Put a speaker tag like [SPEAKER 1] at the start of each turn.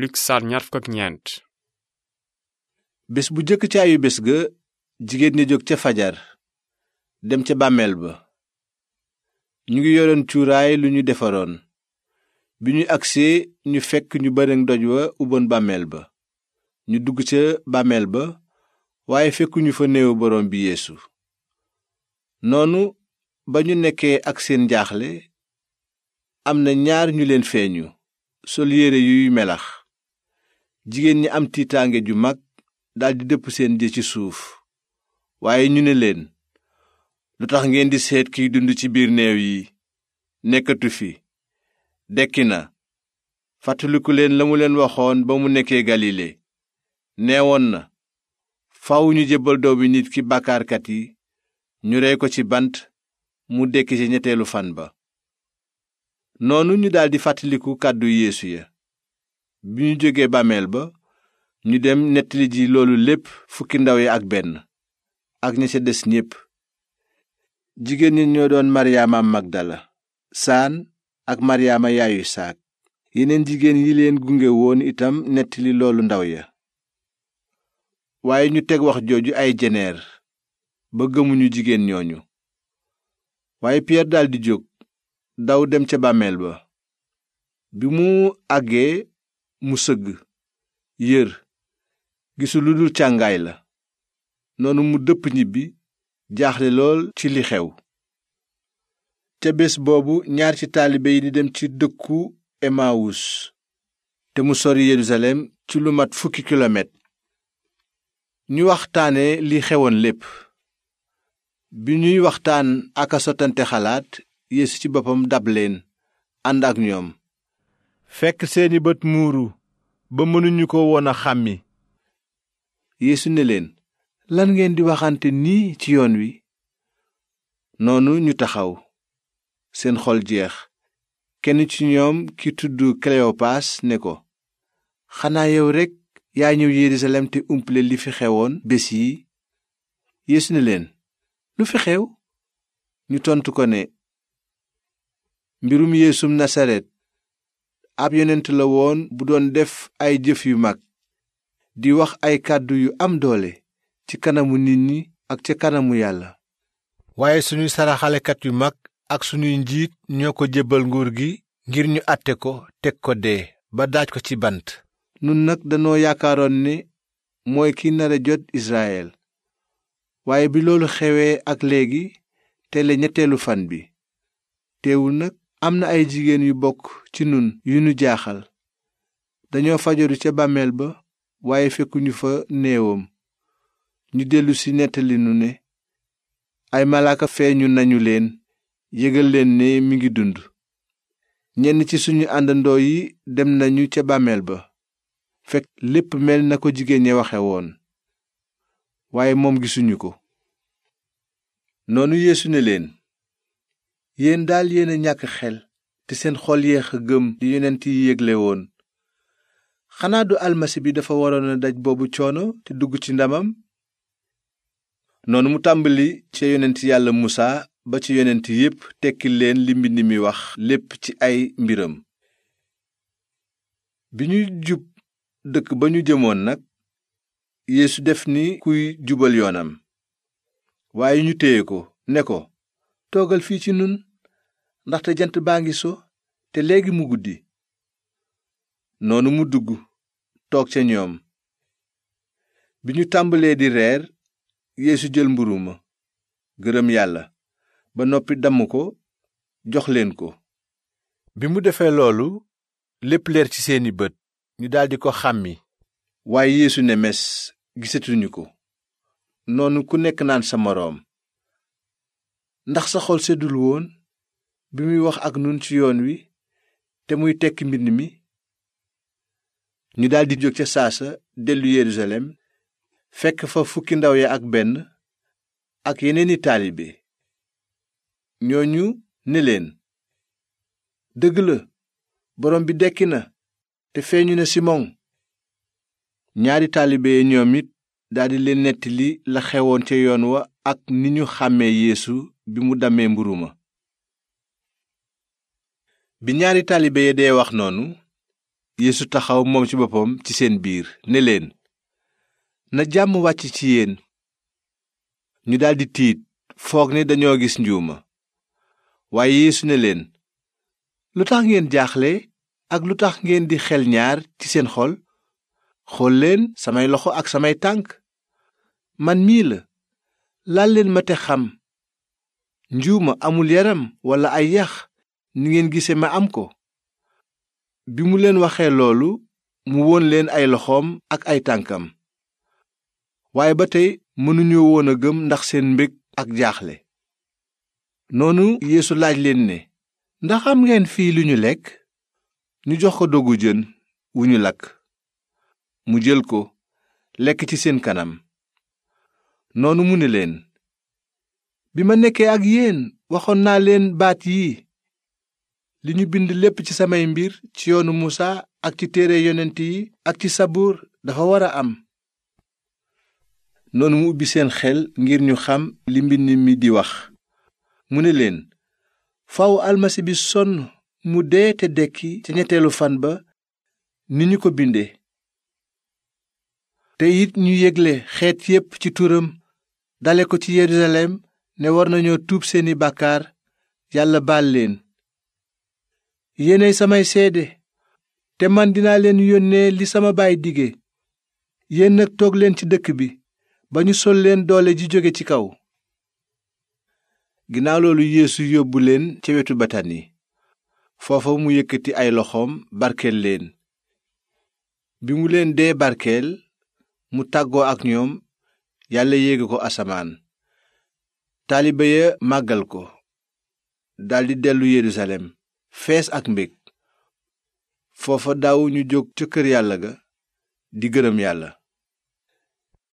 [SPEAKER 1] Luk saar ñaar bés bu jëkk ca ayu bés ga jigéen ña jóg ca fajar dem ca bàmmeel ba ñu ngi yoroon cuuraay lu ñu defaroon bi ñu agsee ñu fekk ñu bërëng doj wa uboon bàmmeel ba ñu dugg ca bàmmeel ba waaye fekkuñu fa néewu boroom bi yeesu noonu ba ñu nekkee ak seen jaaxle am na ñaar ñu leen feeñu sol yére yuy melax jigéen ñi am tiitaange ju mag daldi dëpp seen jë ci suuf waaye ñu ne leen lu tax ngeen di seet kiy dund ci biir néew yi nekkatu fi dekki na fàttaliku leen la mu leen waxoon ba mu nekkee galile woon na faw ñu jébbal doomi nit ki bàkkaarkat yi ñu rey ko ci bant mu dekki ci ñetteelu fan ba noonu ñu daldi fàttaliku kàddu yeesu ya bi ñu jógee bàmmeel ba ñu dem nettali ji loolu lépp fukki ndaw yi ak benn ak ña ca des ñépp jigéen ñi ñoo doon maryaama magdala saan ak maryaama yaayu saak yeneen jigéen yi leen gunge woon itam nettali loolu ndaw ya waaye ñu teg wax jooju ay jeneer ba gëmuñu jigéen ñooñu waaye piyeer daldi jóg daw dem ca bàmmeel ba bi mu àggee mu sëgg yër gisul lu càngaay la noonu mu dëpp ñibbi jaaxle lool ci li xew ca bés boobu ñaar ci taalibe yi di dem ci dëkku emawus te mu sori yerusalem ci lu mat fukki kilomètre ñu waxtaane li xewoon lépp bi ñuy waxtaan ak a sottante xalaat yéesu ci boppam dab leen ànd ak ñoom fekk seeni bët muuru ba mënuñu ko woon a xàmmi yeesu leen lan ngeen di waxante nii ci yoon wi noonu ñu taxaw seen xol jeex kenn ci ñoom ki tudd kleopaas ne ko xanaa yow rekk yaa ñëw yerusalem te umple li fi xewoon bés yi yeesu ne leen lu fi xew ñu tontu ko ne mbirum yeesum nasaret ab yonent la woon bu doon def ay jëf yu mag di wax ay kàddu yu am doole ci kanamu nit ñi ak ca kanamu yàlla waaye suñuy saraxalekat yu mag ak sunuy njiit ñoo ko jébbal nguur gi ngir ñu àtte ko teg ko dee ba daaj ko ci bant nun nag danoo yaakaaroon ne mooy ki nara jot Israyel waaye bi loolu xewee ak léegi tele ñetteelu fan bi teewul nag am na ay jigéen yu bokk ci nun yu ñu jaaxal dañoo fajaru ca bàmmeel ba waaye fekkuñu fa néewam ñu dellusi si ne ay malaaka feeñu nañu leen yëgal leen ne mu ngi dund ñenn ci suñu àndandoo yi dem nañu ca bàmmeel ba fekk lépp mel na ko jigéen ñi waxe woon waaye moom gisuñu ko noonu leen yéen daal yéen ñàkk xel te seen xool yeex a gëm li yonent yi yégle woon xanaa du almasi bi dafa waroon a daj boobu coono te dugg ci ndamam noonu mu tàmbali ca yonent yàlla musaa ba ci yonent yépp tekki leen limbi ni mi wax lépp ci ay mbiram bi ñuy jub dëkk ba ñu jëmoon nag yéesu def ni kuy jubal yoonam waaye ñu téye ko ne ko toogal fii ci nun ndaxte jant baa ngi so te léegi mu guddi noonu mu dugg toog ca ñoom bi ñu tàmbalee di reer yéesu jël mburu ma gërëm yàlla ba noppi damm ko jox leen ko bi mu defee loolu lépp leer ci seeni bët ñu daldi ko xàmmi waaye yéesu ne mes gisatuñu ko noonu ku nekk naan sa moroom ndax sa xol seddul woon bi muy wax ak nun ci yoon wi te muy tekki mbind mi ñu daldi jóg ca saasa dellu Yerusalem fekk fa fukki ndaw ya ak benn ak yeneeni taalibe ñooñu ni leen dëgg la borom bi dekki na te feeñu ne Simon ñaari taalibee yi ñoom it daldi leen nettali la xewoon ca yoon wa ak ni ñu xàmmee yéesu bi mu dammee mburu ma bi ñaari taalibe ya dee wax noonu yéesu taxaw moom ci boppam ci seen biir ne leen na jàmm wàcc ci yéen ñu daldi tiit foog ne dañoo gis njuuma waaye yeesu ne leen lu tax ngeen jaaxle ak lu tax ngeen di xel ñaar ci seen xol xool leen samay loxo ak samay tànk man mii la laal leen ma te xam njuuma amul yaram walla ay yax ni ngeen gise ma am ko bi mu leen waxee loolu mu won leen ay loxoom ak ay tànkam waaye ba tey mënuñu woon a gëm ndax seen mbég ak jaaxle noonu yéesu laaj leen ne ndaxam ngeen fii lu ñu lekk ñu jox ko dogu jën wu ñu lakk mu jël ko lekk ci seen kanam noonu mu ne leen bi ma nekkee ak yéen waxoon naa leen baat yi li ñu bind lépp ci samay mbir ci yoonu Musaa ak ci téere yonent yi ak ci sabuur dafa war a am noonu mu ubbi seen xel ngir ñu xam li mbind mi di wax mu ne leen faw almasi bi sonn mu dee te dekki ca ñetteelu fan ba ni ñu ko bindee te it ñu yégle xeet yépp ci turam dale ko ci Yerusalem ne war nañoo tuub seeni bàkkaar yàlla baal leen yéenay samay seede te man dinaa leen yónnee li sama baay dige yéen nag toog leen ci dëkk bi ba ñu sol leen doole ji jóge ci kaw ginnaaw loolu yeesu yóbbu leen ca wetu batani foofa mu yëkkati ay loxoom barkeel leen bi mu leen dee barkeel mu tàggoo ak ñoom yàlla yéege ko asamaan taalibe ya màggal ko daldi dellu yerusalem fees ak mbég foofa daawuñu jóg ca kër yàlla ga di gërëm yàlla